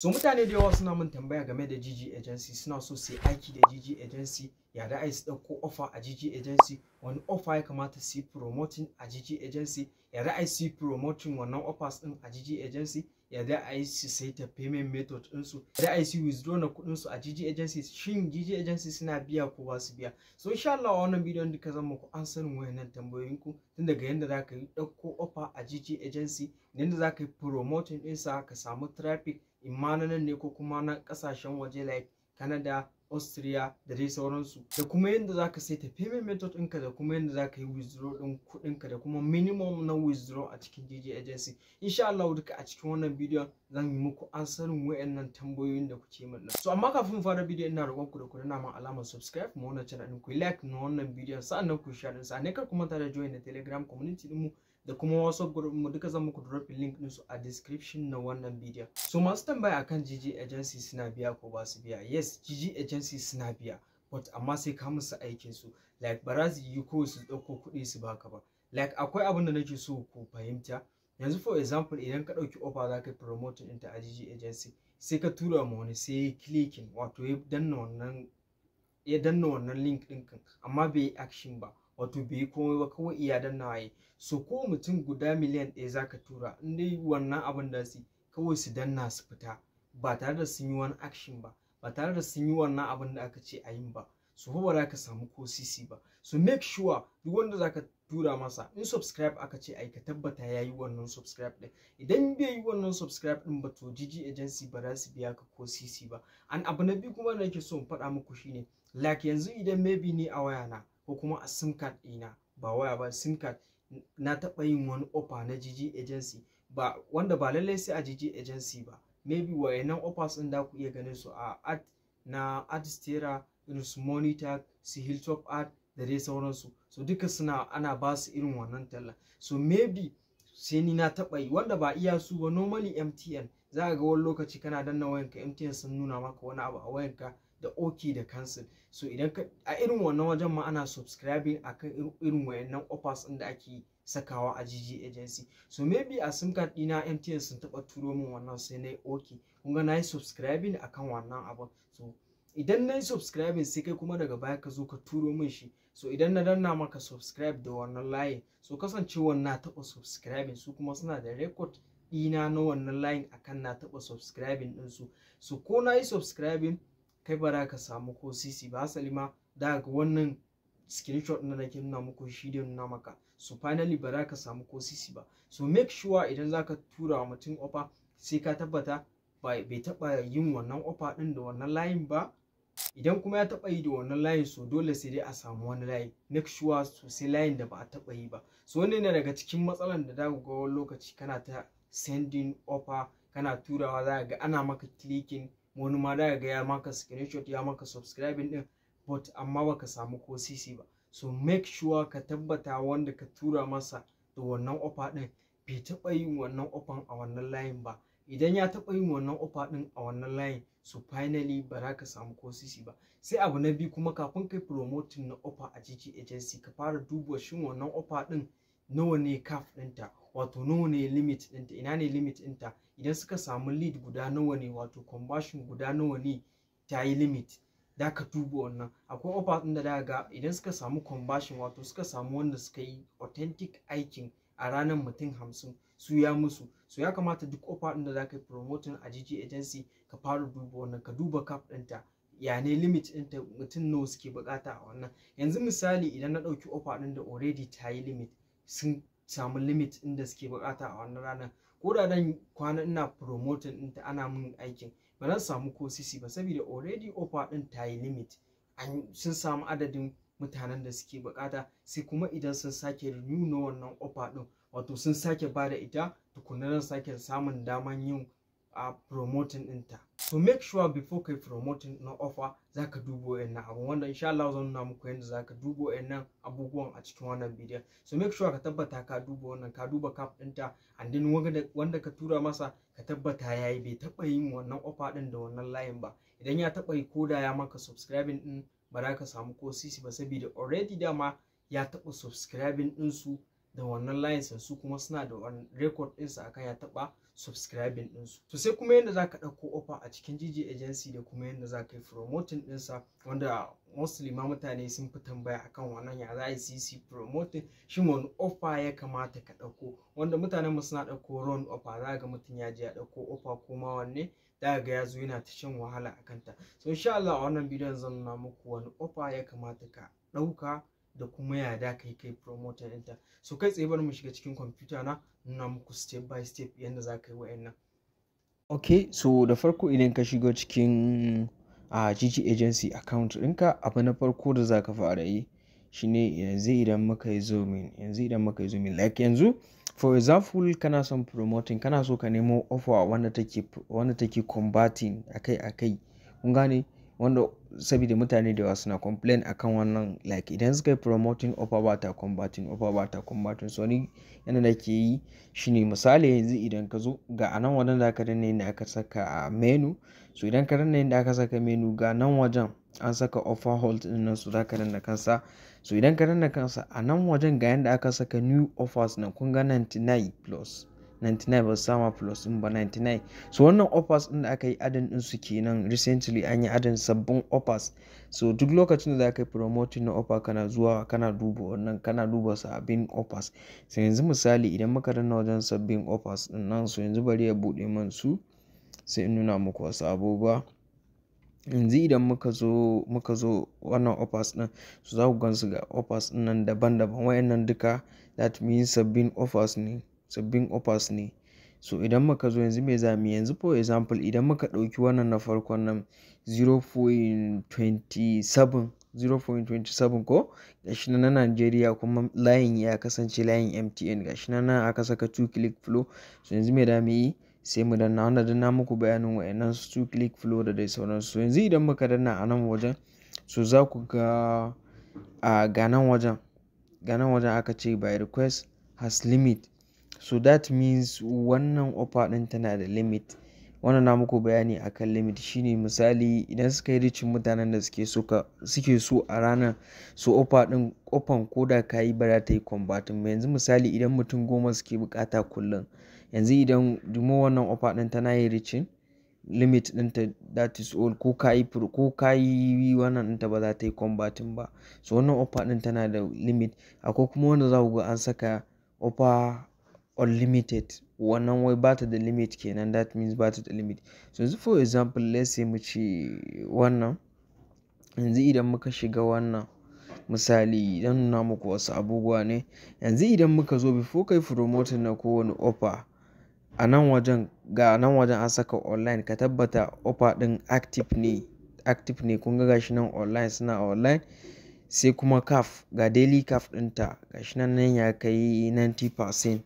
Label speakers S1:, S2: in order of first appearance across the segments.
S1: so mutane da yawa suna mun tambaya game da GG agency suna so su aiki da GG agency ya da ai su dauko offer a GG agency wani offer ya kamata su promoting a GG agency ya da ai su promoting wannan offers din a GG agency ya da ai su saita payment method din su ya da ai su withdraw na kudin su a GG agency shin GG agency suna biya ko ba su biya so insha Allah a wannan bidiyon duka zan muku an sanin wayannan tambayoyin ku tun daga yanda zaka yi dauko offer a GG agency yanda zaka yi promoting din sa ka samu traffic imma na nan ne ko kuma na kasashen waje like Canada Austria da dai sauransu da kuma yadda za ka saita payment method ɗinka da kuma yadda za ka yi withdraw ɗin kuɗinka da kuma minimum na withdraw a cikin DJ agency insha Allah duka a cikin wannan bidiyon zan yi muku ansarin waannan tambayoyin da kuke min nan so amma kafin fara bidiyo ina roƙon ku da ku danna min alamar subscribe mu wannan channel ɗin ku like na wannan bidiyon sa'annan ku share din sa'annan kar kuma tada da join na telegram community ɗin mu da kuma wasu group mu duka zan muku drop link din su a description na wannan bidiyon so masu tambaya akan GG agency suna biya ko ba su biya yes GG agency suna biya but amma sai ka musu aikin su like ba yi ko su dauko kuɗi su baka ba like akwai abin da nake so ku fahimta yanzu for example idan ka ɗauki offer za ka promoting ɗinta a GG agency sai ka tura ma wani sai ya clicking wato ya danna wannan ya danna wannan link ɗinkin amma bai yi action ba wato bai yi komai ba kawai iya danna waye. so ko mutum guda miliyan ɗaya zaka tura in dai wannan abin da su kawai su danna su fita ba tare da sun yi wani action ba ba tare da sun yi wannan abin da aka ce a yin ba so ba za ka samu ko sisi ba so make sure duk wanda zaka tura masa in subscribe aka ce ai ka tabbata ya yi wannan subscribe ɗin. idan bai yi wannan subscribe din ba to jiji agency ba za su biya ka ko sisi ba an abu na biyu kuma da nake so in faɗa muku shine like yanzu idan maybe ni a wayana ko kuma a sim card ɗina ba waya ba sim card na taɓa yin wani offer na GG agency ba wanda ba lallai sai a GG agency ba maybe wayannan offers ɗin da ku iya ganin su a ad na adstera irin su monitor su hilltop art da dai sauransu so duka suna ana ba su irin wannan talla so maybe sai ni na taɓa yi wanda ba iya su ba normally mtn za ga wani lokaci kana danna wayanka mtn sun nuna maka wani abu a wayanka da ok da cancel so idan a irin wannan wajen ma ana subscribing akan irin wayannan offers din da ake sakawa a GG agency so maybe a sim card dina MTN sun taba turo min wannan sai nayi ok kun ga nayi subscribing akan wannan abun so idan nayi subscribing sai kai kuma daga baya ka zo ka turo min shi so idan na danna maka subscribe da wannan layin so kasancewar na taba subscribing su kuma suna da record dina na wannan layin akan na taba subscribing din su so ko nayi subscribing kai ba za ka samu ko sisi ba asali ma da ga wannan screenshot na nake nuna muku shi da nuna maka so finally ba za ka samu ko sisi ba so make sure idan za ka tura wa mutum offer sai ka tabbata bai taba yin wannan offer din da wannan layin ba idan kuma ya taba yi da wannan layin so dole sai dai a samu wani layin make sure sosai layin da ba a taba yi ba so wannan ne daga cikin matsalan da za ga wani lokaci kana ta sending offer kana turawa za ga ana maka clicking wani ma daga ga ya maka screenshot ya maka subscribing din but amma baka samu ko cc ba so make sure ka tabbata wanda ka tura masa da wannan offer din bai taba yin wannan offer a wannan layin ba idan ya taba yin wannan offer din a wannan layin so finally ba za ka samu ko sisi ba sai abu na biyu kuma kafin kai promoting na offer a GG agency ka fara duba shin wannan offer din nawa ne kaf ɗinta wato nawa ne limit ɗinta ina ne limit ɗinta idan suka samu lead guda nawa ne wato conversion guda nawa ne ta yi limit da ka duba wannan akwai offer ɗin da daga ga idan suka samu conversion wato suka samu wanda suka yi authentic aikin a ranar mutum hamsin su ya musu so ya kamata duk offer ɗin da za ka yi promoting a GG agency ka fara duba wannan ka duba cap ɗinta ya ne limit ɗinta mutum nawa suke bukata a wannan yanzu misali idan na ɗauki offer ɗin da already ta yi limit sun samu limit ɗin da suke bukata a wannan ranar ko da dan kwana ina promoting ta ana min aikin ba zan samu ko sisi ba saboda already offer ɗin ta yi limit sun samu adadin mutanen da suke bukata sai kuma idan sun sake renew na wannan offer ɗin wato sun sake ba da ita tukunan sake samun daman yin a ah, promoting ta. so make sure before kai promoting na offer zaka dubo wayannan abun wanda insha Allah zan nuna muku yanda zaka dubo wayannan abubuwan a cikin wannan bidiyon so make sure ka tabbata ka dubo wannan ka duba cap ɗinta and then wanda ka tura masa ka tabbata yayi bai taba yin wannan offer din da wannan layin ba idan ya taba yi ko ya maka subscribing din ba za ka samu ko sisi ba saboda already dama ya taba subscribing su da wannan layin su kuma suna da record sa akan ya taba subscribing ɗinsu to sai kuma yadda za ka ɗauko offer a cikin jiji agency da kuma yadda za ka yi promoting ɗinsa wanda mostly ma mutane sun fi tambaya akan wannan ya za a yi cc promoting shin wani offer ya kamata ka ɗauko wanda mutanen mu suna ɗauko wrong offer za ga mutum ya je ya ɗauko offer ko ma wanne za ga ya zo yana ta shan wahala a kanta so insha Allah a wannan bidiyon zan nuna muku wani offer ya kamata ka ɗauka da kuma ya da kai kai promoter ɗinta so kai tsaye bari mu shiga cikin kwamfuta na nuna muku step by step yadda za ka yi wa'annan ok so da farko idan ka shiga cikin a gg agency account ɗinka abu na farko da za ka fara yi shine yanzu idan muka yi zoomin yanzu idan muka yi zoomin like yanzu for example kana son promoting kana so ka nemo offer wanda take wanda take combating akai akai kun gane wanda saboda mutane da yawa suna complain akan wannan like idan suka yi promoting upper water combating upper water combating so ni yana da ke yi shine misali yanzu idan ka zo ga anan wajen da aka danne ne aka saka a menu so idan ka danne ne aka saka menu ga nan wajen an saka offer hold din nan su zaka danna kansa so idan ka danna kansa a nan wajen ga yanda aka saka new offers nan kun ga 99 plus 99 ba su sama plus din ba 99 so wannan offers din da aka yi adin din su kenan recently an yi adin sabbin offers so duk lokacin da za ka yi promoting na offer kana zuwa kana duba wannan kana duba sabbin offers so yanzu misali idan muka danna wajen sabbin offers din nan so yanzu bari ya bude man su sai in nuna muku wasu abubuwa yanzu idan muka zo muka zo wannan offers din su za ku gan su ga offers din nan daban-daban wayannan duka that means sabbin offers ne sabbin offers ne so idan muka zo yanzu me za mu yanzu for example idan muka ɗauki wannan na farkon nan 0.27 0.27 ko gashi na Najeriya kuma layin ya kasance layin MTN gashi na nan aka saka 2 click flow so yanzu me da mu yi sai mu danna wanda danna muku bayanin wayannan su 2 click flow da dai sauransu so yanzu idan muka danna a nan wajen so za ku ga a ah, ganan wajen ganan wajen aka ce by request has limit so that means wannan offer din tana da limit wannan na muku bayani akan limit shine misali idan suka yi ricin mutanen da suke so suke so a ranar so offer din kofan koda ka yi ba za ta yi combatin ba yanzu misali idan mutum goma suke bukata kullum yanzu idan dumo wannan offer din tana yi ricin limit din ta that is all ko ka yi ko ka yi wannan ta ba za ta yi combatin ba so wannan offer din tana da limit akwai kuma wanda za ku ga an saka offer unlimited wannan wai bata ta da limit kenan that means ba ta da limit so yanzu for example let's say mu ce wannan yanzu idan muka shiga wannan misali idan nuna muku wasu abubuwa ne yanzu idan muka zo before kai promoting na kowane offer a nan wajen ga nan wajen an saka online ka tabbata offer din active ne active ne kun ga gashi nan online suna online sai kuma caf ga daily caf ɗinta gashi nan nan ya kai 90%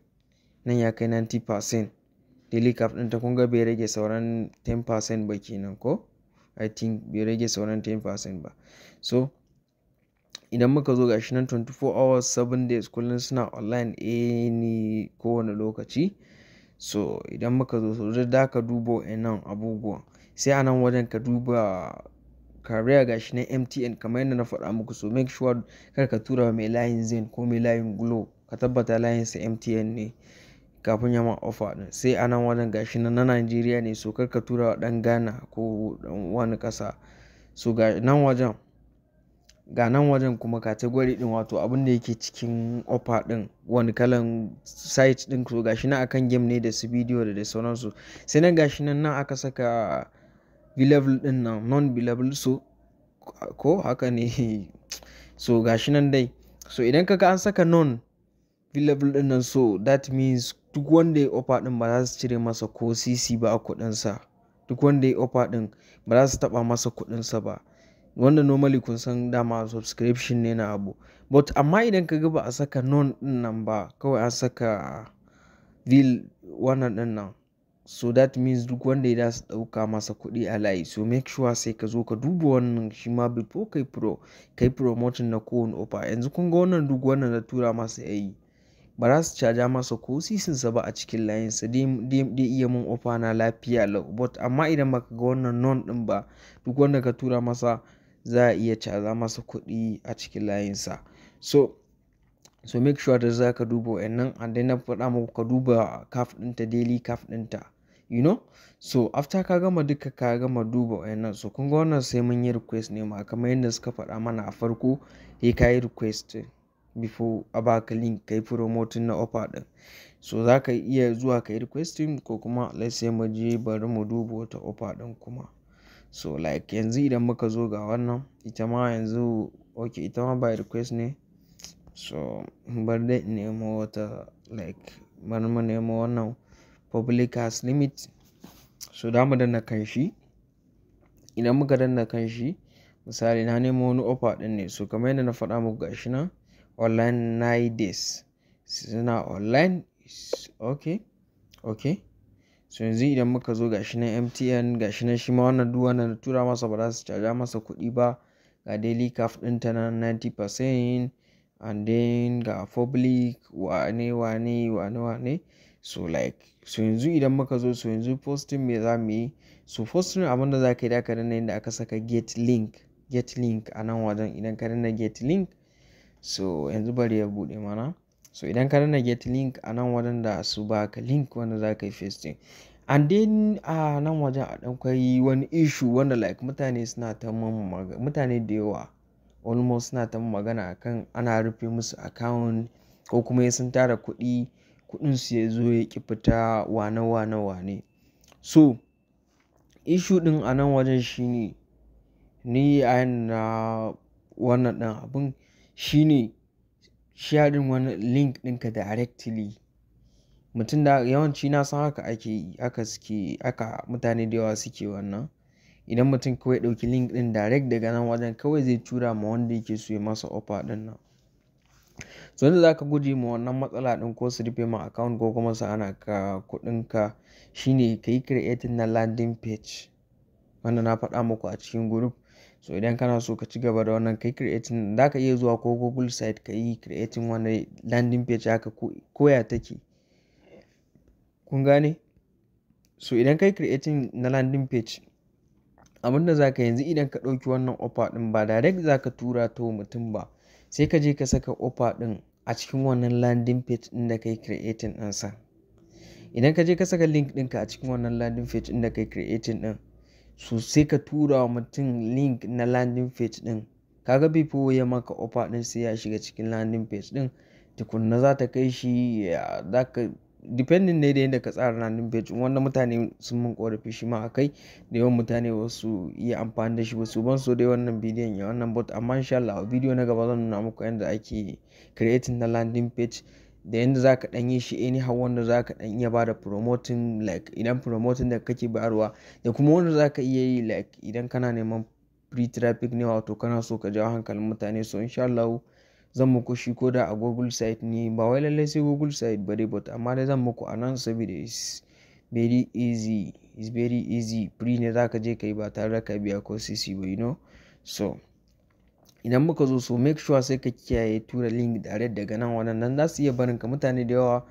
S1: nan ya kai 90% daily cap ɗin ta kun ga bai rage sauran 10% ba kenan ko i think bai rage sauran 10% ba so idan muka zo gashi nan 24 hours 7 days kullum suna online any kowane lokaci so idan muka zo so da ka dubo nan abubuwa sai a nan wajen ka duba kariya gashi na mtn kamar yadda na faɗa muku so make sure kar ka tura mai layin zen ko mai layin glow ka tabbata layin sa mtn ne kafin ya ma ofa din sai a nan wajen gashi na na Najeriya ne so kar ka tura wa ɗan Ghana ko wani ƙasa so ga nan wajen ga nan wajen kuma category din wato abin da yake cikin offer din wani kalan site din to gashi nan akan game ne da su video da da sauransu sai nan gashi nan nan aka saka billable din nan non billable so ko haka ne so gashi nan dai so idan kaga an saka non billable din nan so that means duk wanda ya ofa din ba za su cire masa ko cc ba a sa duk wanda ya ofa din ba za su taba masa kuɗinsa ba wanda normally kun san dama subscription ne na abu but amma idan ka ga ba a saka non dinnan nan ba kawai an saka vil wannan din nan so that means duk wanda ya su dauka masa kuɗi a layi so make sure sai ka zo ka duba wannan shi ma before kai pro promoting na kowane ofa yanzu kun ga wannan duk wannan na tura masa yayi ba za su caja masa ko sa ba a cikin layinsa dai iya mun ofa na lafiya lau but amma idan baka ga wannan non din ba duk wanda ka tura masa za a iya caza masa kuɗi a cikin layinsa so so make sure da za ka duba wa'annan and then na faɗa muku ka duba kaf ɗinta daily kaf ɗinta you know so after ka gama duka ka gama duba wa'annan so kun ga wannan sai mun yi request ne ma kamar yadda suka faɗa mana a farko sai ka yi request before a baka link kai promoting na offer din so za ka iya zuwa ka yi requesting ko kuma let's say mu je bari mu duba wata offer din kuma so like yanzu idan muka zo ga wannan ita ma yanzu ok ita ma by request ne so bar dai nemo wata like bari mu nemo wannan public has limit so da mu danna kan shi idan muka danna kan shi misali na nemo wani offer din ne so kamar yadda na faɗa muku gashi nan online nine days suna online okay okay so yanzu idan muka zo gashi nan MTN gashi nan shima wannan duk wannan na tura masa ba za su caja masa kuɗi ba ga daily cap ta nan 90% and then ga public wane wane wane wane so like so yanzu idan muka zo so yanzu posting me za mu yi so posting abin da za ka yi da ka danna inda aka saka get link get link a nan wajen idan ka danna get link So yanzu bari ya bude mana. So idan ka danna get link a nan wajen da su baka link wanda za ka yi fasting And then a nan wajen a ɗan kwai wani issue wanda like mutane suna ta mutane da yawa almost suna ta magana akan ana rufe musu account ko kuma sun tara kuɗi kuɗin su ya zo ya ki fita wane wane wane. So issue din a nan wajen shine ni a yana wannan abin. shine sharing wani link ɗinka directly. Mutum da yawanci na san haka ake yi, haka suke, haka mutane da yawa suke wannan. Idan mutum kawai ɗauki link ɗin direct daga nan wajen kawai zai tura ma wanda yake so ya masa offer ɗin nan. So yadda za ka guje ma wannan matsala ɗin ko su rufe ma account ko kuma su hana ka shine ka yi creating na landing page. Wanda na faɗa muku a cikin group. so idan kana so ka ci gaba da wannan kai creating za ka iya zuwa ko google site ka yi creating wani landing page haka koya take kun gane so idan kai creating na landing page abin da za ka yanzu idan ka ɗauki wannan offer ɗin ba direct za ka tura ta mutum ba sai ka je ka saka offer ɗin a cikin wannan landing page ɗin da kai creating ɗinsa idan ka je ka saka link ɗinka a cikin wannan landing page ɗin da kai creating ɗin so sai ka tura wa mutum link na landing page ɗin kaga before ya maka offer din sai ya shiga cikin landing page ɗin tukunna za ta kai shi za ka depending ne da yadda ka tsara landing page wanda mutane sun mun korafi shi ma akai da yawan mutane wasu iya amfani da shi ba ban so dai wannan bidiyon ya wannan bot amma insha Allah a bidiyo na gaba zan nuna muku yadda ake creating na landing page da yadda za ka ɗan yi shi hau wanda za ka ɗan iya ba da promoting like idan promoting da kake bayarwa da kuma wanda za ka iya yi like idan kana neman free traffic ne wato kana so ka jawo hankalin mutane so insha Allah zan muku shi ko da a google site ne ba wai lallai sai google site ba dai but amma dai zan muku a nan saboda is very easy is very easy free ne za ka je ka yi ba tare da ka biya ko sisi ba you know so idan muka zo so make sure sai ka kiyaye tura link direct daga nan nan za su iya barin ka mutane da yawa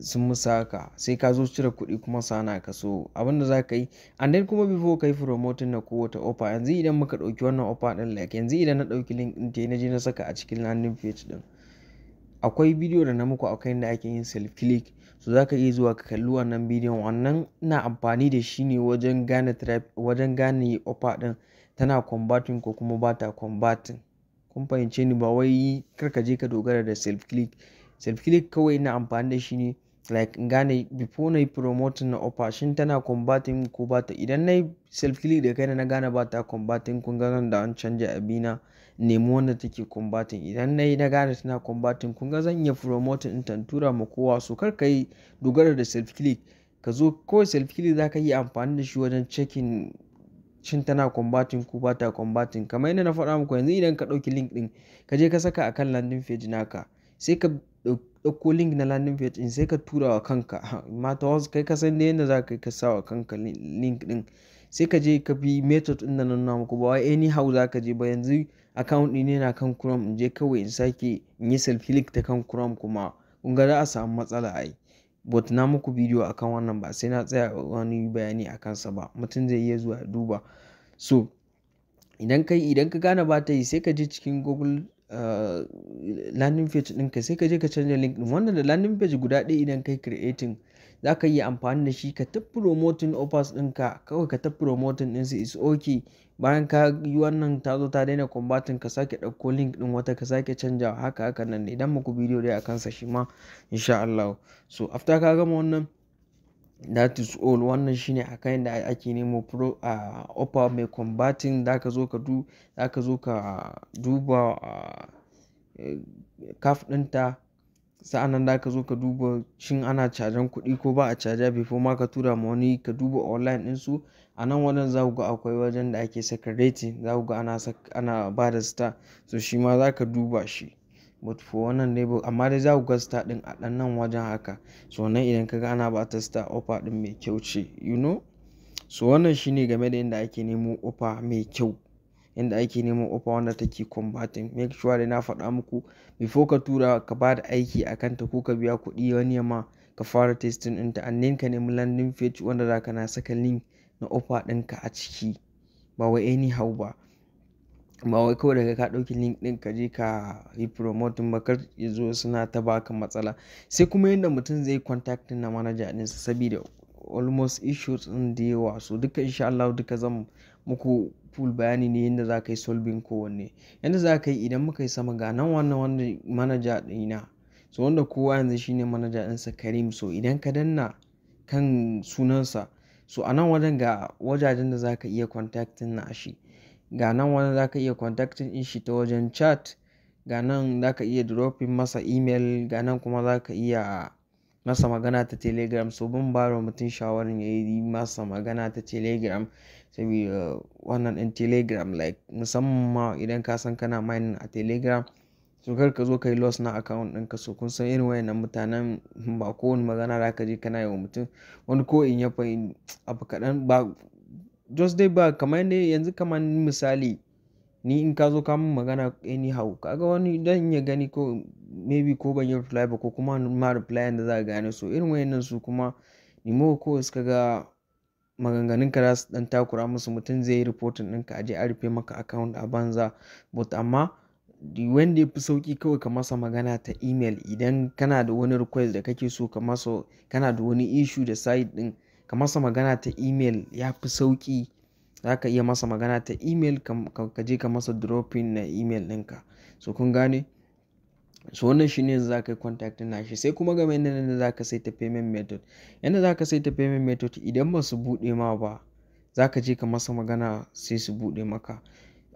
S1: sun musa ka sai ka zo cire kuɗi kuma sana ka so abinda za ka yi and then kuma bifo ka yi promoting na kowace offer yanzu idan muka ɗauki wannan offer ɗin like yanzu idan na ɗauki link ɗin ta na je na saka a cikin landing page ɗin akwai bidiyo da na muku akwai inda ake yin self click so za ka iya zuwa ka kalli wannan bidiyon wannan ina amfani da shi ne wajen gane wajen gane offer ɗin tana combating ko kuma ba ta combating kun fahimce ni ba wai kar ka je ka dogara da self click self click kawai na amfani da shi ne like in gane before na yi promoting na offer shin tana combating ko ba ta idan na yi self click da kaina na gane ba ta combating kun ga zan da an canja abina nemi wanda take combating idan na yi na gane tana combating kun ga zan iya promoting in tantura ma kowa so kar ka yi dogara da self click ka zo kawai self click za ka yi amfani da shi wajen checking shin tana combating ko ba ta combating kamar yadda na faɗa muku yanzu idan ka ɗauki link ɗin ka je ka saka akan kan landing page naka sai ka ɗauko link na landing page ɗin sai ka tura wa kanka mata wasu kai ka san ne yadda za ka ka sa wa kanka link ɗin sai ka je ka bi method ɗin da na nuna muku ba wai anyhow za ka je ba yanzu account ɗin ne na kan chrome in je kawai in sake in yi self click ta kan chrome kuma kun ga za a samu matsala ai but na muku bidiyo akan wannan ba sai na tsaya wani bayani a kansa ba mutum zai iya zuwa duba so idan kai idan ka gane ba ta yi sai ka je cikin google uh, landing page ɗinka sai ka je ka canja link ɗin wannan da landing page guda ɗaya idan kai creating za ka yi amfani da shi ka ta promoting offers ɗinka kawai ka ta promoting su is okay bayan ka yi wannan ta zo ta daina combating ka sake ɗauko link ɗin wata ka sake canja haka haka nan ne idan muku bidiyo dai a kansa shi ma insha Allah so after ka gama wannan that is all wannan shine kan da ake nemo pro a offer mai combating da ka zo ka duba kaf eh, ɗinta sa'annan nan da ka zo ka duba shin ana cajan kuɗi ko ba a caja before ma ka tura ma wani ka duba online su a nan wajen za ku ga akwai wajen da ake saka rating za ku ga ana, ana ba da star so shi ma za ka duba shi but for wannan dai amma dai za ku ga star ɗin a ɗan nan wajen haka so nan idan ka ga ana ba ta star offer ɗin mai kyau ce you know so wannan shine game da yadda ake nemo offer mai kyau inda ake neman offer wanda take converting make sure da na faɗa muku before ka tura ka ba da aiki a kanta ko ka biya kuɗi wani yamma ka fara testing ɗinta and then ka nemi landing page wanda za ka na saka link na offer ɗinka a ciki ba wai anyhow ba ba wai kawai daga ka ɗauki link ɗin ka je ka yi promoting ba kar ya zo suna ta baka matsala sai kuma yadda mutum zai contact na manaja ɗinsa sabida almost issues ɗin da yawa so duka insha Allah duka zan muku full bayani ne yadda za ka yi solving kowanne yadda za ka yi idan muka yi sama ga nan wannan wanda manaja ɗina so wanda kowa yanzu shine manaja ɗinsa karim so idan ka danna kan sunansa so a nan wajen ga wajajen da za ka iya contacting na shi ga nan wajen za ka iya contacting in shi ta wajen chat ga nan za ka iya dropping masa email ga nan kuma za ka iya masa magana ta telegram so bin ba mutum shawarar ya yi masa magana ta telegram saboda wannan ɗin telegram like musamman idan ka san kana mining a telegram so kar ka zo ka yi loss na account ka so kun san irin wayannan mutanen ba kowane magana za ka je kana yi wa mutum wani ko in ya fahimci abu kaɗan ba just dai ba kamar yanzu kamar misali ni in ka zo ka min magana anyhow kaga wani dan ya gani ko maybe ko ban yi reply ba ko kuma ma reply da za ka gane so irin wayannan su kuma nemo ko suka ga maganganun ka za su dan takura musu mutum zai yi reporting din ka a rufe maka account a banza but amma di wanda ya fi sauki kawai ka masa magana ta email idan kana da wani request da kake so ka masa kana da wani issue da site ɗin ka masa magana ta email ya fi sauki za ka iya masa magana ta email ka je ka masa dropping na email ɗinka so kun gane so wannan shine yanzu za ka yi contact na shi sai kuma game da yadda za ka saita payment method yadda za ka saita payment method idan ba su buɗe ma ba za ka je ka masa magana sai su buɗe maka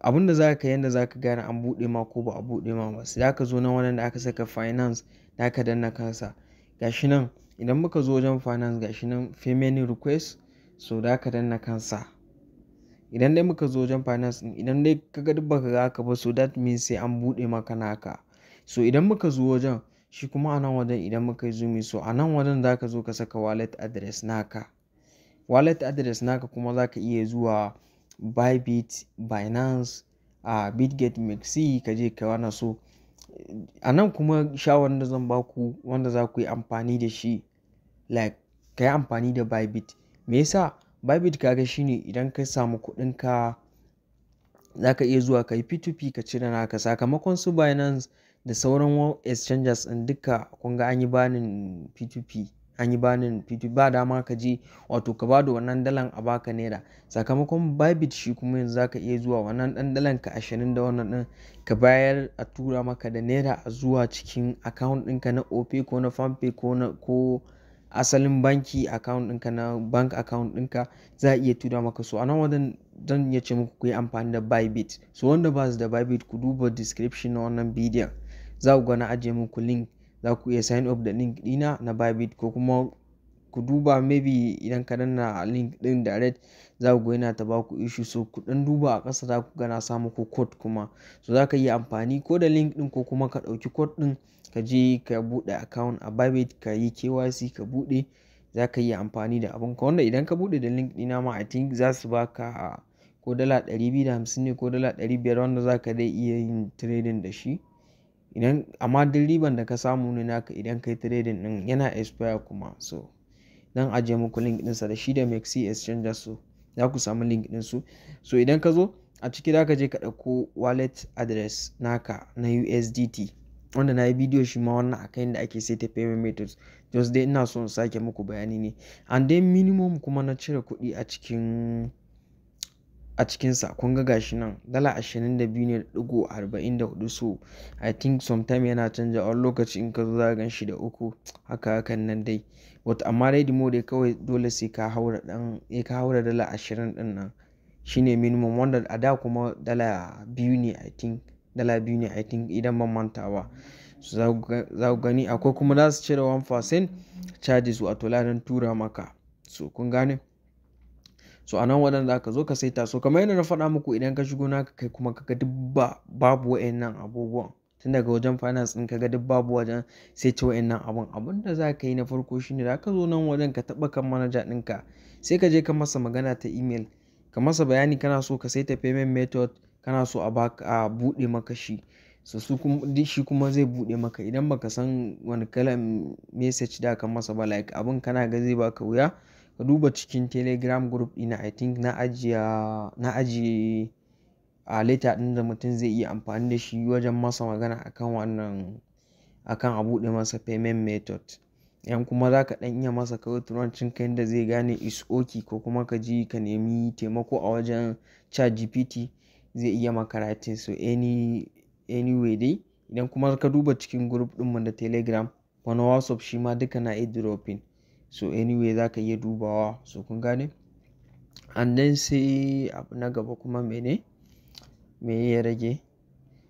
S1: abin da za ka yadda za ka gane an buɗe ma ko ba a buɗe ma ba za ka zo na wannan da aka saka finance da ka danna kansa gashi nan idan muka zo wajen finance gashi nan payment request so da ka danna kansa idan dai muka zo wajen finance din idan dai ka ga duk baka haka ba so that means sai an bude maka naka so idan muka zo wajen shi kuma a nan wajen idan muka yi zumi so a nan wajen za ka zo ka saka wallet address naka wallet address naka kuma za ka iya zuwa bybit binance a bitget mexi ka je ka wannan so a nan kuma shawarar da zan baku wanda za ku yi amfani da shi like ka yi amfani da bybit me yasa Bybit shi shine idan ka samu kuɗin za ka iya zuwa ka yi P2P ka cire naka sakamakon su Binance da sauran exchanges ɗin duka kun ga an yi banin P2P 2 p ba dama ka je wato ka bada wannan dalan a baka naira sakamakon Bybit shi kuma yanzu za ka iya zuwa wannan ɗan dalan ka ashirin da wannan ɗin ka bayar a tura maka da naira a zuwa cikin account ɗinka na Opay ko na Palmpay ko na ko asalin banki account ɗinka na bank account ɗinka za a iya tura maka so a nan wajen zan iya ce muku ku yi amfani da bybit so wanda ba su da bybit ku duba description na wannan bidiyon za ku ga na ajiye muku link za ku iya sign up da link ɗina na bybit ko kuma ku duba maybe idan ka danna link ɗin direct za ku ga yana ta baku issue so ku ɗan duba a ƙasa za ku ga na sa muku code kuma so za ka yi amfani ko da link ɗin ko kuma ka ɗauki code ɗin ka je ka buɗe account a Bybit ka yi KYC ka buɗe za ka yi amfani da abin ka wanda idan ka buɗe da link ɗina ma I think za su baka ko dala ɗari biyu da hamsin ne ko dala ɗari biyar wanda za ka dai iya yin trading da shi idan amma duk riban da ka samu ne naka idan ka yi trading ɗin yana expire kuma so zan ajiye muku link ɗinsa da shi da Maxi Exchanger su za ku samu link su so idan ka zo a ciki za ka je ka ɗauko wallet address naka na USDT wanda na yi bidiyo shi ma wannan akan yadda ake ta payment methods just dai ina so in sake muku bayani ne and then minimum kuma na cire kuɗi a cikin a cikinsa kun ga gashi nan dala ashirin da biyu ne da arba'in da hudu so i think sometime yana canja wani lokaci in ka zo za gan shi da uku haka hakan nan dai wato amma dai dimo dai kawai dole sai ka haura dan eh ka haura dala ashirin din nan shine minimum wanda a da kuma dala biyu ne i think dala biyu ne i think idan ban manta ba za ku gani akwai kuma za su cire 1% charges wato ladan tura maka so kun gane so a nan waɗanda aka zo ka saita so kamar yadda na faɗa muku idan ka shigo naka kai kuma ka duk babu wa'annan abubuwan tun daga wajen finance ɗin kaga duk babu wajen sai ce wa'annan abun abin da za ka yi na farko shine da ka zo nan wajen ka taba kan manaja ka sai ka je ka masa magana ta email ka masa bayani kana so ka saita payment method kana so a buɗe maka shi so su kuma shi kuma zai buɗe maka idan baka san wani kalan message da ka masa ba like abin kana ga zai baka wuya ka duba cikin telegram group ɗina i think na ajiye a leta din da mutum zai iya amfani da shi wajen masa magana akan wannan akan a buɗe masa payment method yan kuma za ka ɗan iya masa kawai turancin ka yadda zai gane is ok ko kuma ka ji ka nemi taimako a wajen chat gpt zai iya maka writing so any anyway dai idan kuma ka duba cikin group ɗinmu da telegram wani whatsapp shi ma duka na e-dropping. so anyway za ka iya dubawa so kun gane and then sai abu na gaba kuma mene me ya rage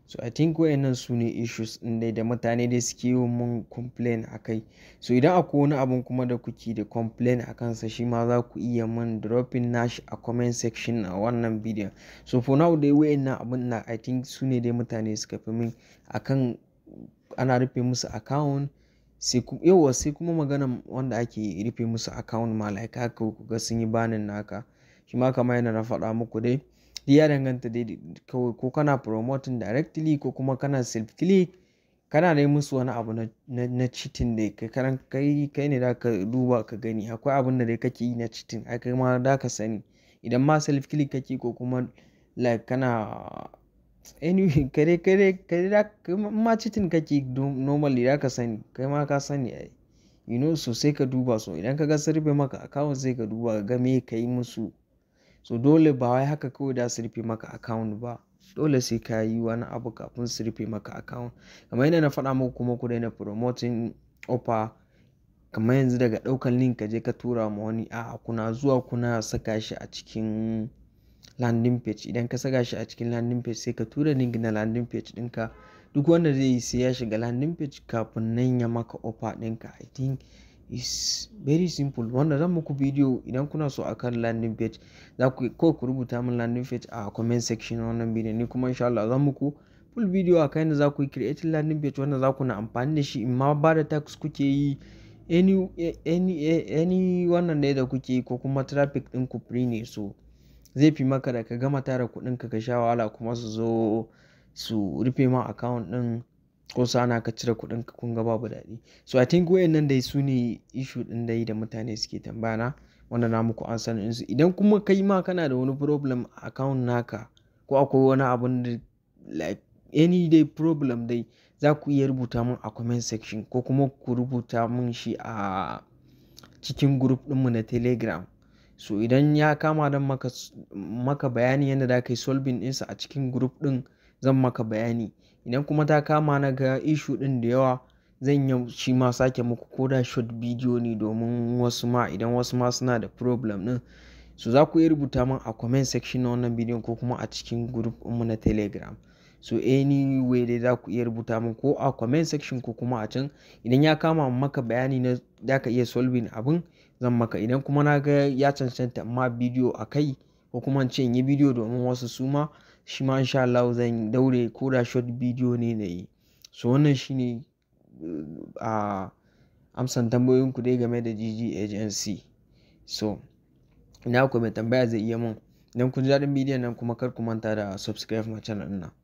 S1: so i think wayannan su ne issues din dai da mutane dai suke yi mun complain akai so idan akwai wani abun kuma da kuke da complain a kansa shi ma za ku iya mun dropping nash a comment section a wannan video so for now dai wayannan abun na i think su ne dai mutane suka fi min akan ana rufe musu account sai kuma sai kuma magana wanda ake rufe musu account malaika ka ku ga sun yi banin naka shi ma kamar yana na faɗa muku dai ya danganta dai kawai ko kana promoting directly ko kuma kana self click kana dai musu wani abu na cheating dai kai kai kai ne da ka duba ka gani akwai abun da dai kake yi na cheating ai kai ma da ka sani idan ma self click kake ko kuma like kana anyway kai dai kai dai ma cheating kake normally da ka sani kai ma ka sani ai you know so sai ka duba so idan ka ga sirfe maka account sai ka duba ga me ka yi musu so dole ba wai haka kawai da su maka account ba dole sai ka yi wani abu kafin su maka account kamar yadda na faɗa muku kuma ku daina promoting offer kamar yanzu daga ɗaukan link ka je ka tura ma wani a'a kuna zuwa kuna saka shi a cikin landing page idan ka saka shi a cikin landing page sai ka tura link na landing page ɗinka duk wanda zai yi sai ya shiga landing page kafin nan ya maka offer ɗinka i think is very simple wanda zan muku bidiyo idan kuna so akan landing page za ku ko ku rubuta min landing page a comment section wannan bidiyo ni kuma insha Allah zan muku full video kan da za ku yi creating landing page wanda za ku na amfani da shi in ma ba da tax kuke yi any any any wannan da kuke yi ko kuma traffic ɗin ku free ne so zai fi maka da ka gama tara kuɗinka ka sha wahala kuma su zo su rufe ma account ɗin ko sana ka cire kuɗin ka kun ga babu daɗi so i think nan dai su ne issue ɗin dai da mutane suke tambana wanda na muku an sanin su idan kuma kai ma kana da wani problem a account naka ko akwai wani abun da like any day problem dai za ku iya rubuta min a comment section ko kuma ku rubuta min shi a cikin group ɗinmu na telegram so idan ya kama don maka, bayani yadda da ka yi solving ɗinsa a cikin group ɗin zan maka bayani idan kuma ta kama na ga issue ɗin da yawa zan yi shi ma sake muku ko da short bidiyo ne domin wasu ma idan wasu ma suna da problem ɗin so za ku iya rubuta min a comment section na wannan bidiyon ko kuma a cikin group mu na telegram so anyway dai za ku iya rubuta min ko a comment section ko kuma a can idan ya kama maka bayani na da ka iya solving abin zan maka idan kuma na ga ya cancanta ma bidiyo a kai ko kuma ce in yi bidiyo domin wasu su ma shi ma insha Allah zan daure ko da short bidiyo ne na yi so wannan shine uh, a amsan tambayoyin ku dai game da GG agency so ina ku mai tambaya zai iya mun idan kun ji daɗin bidiyon nan kuma kar ku manta da subscribe ma channel nan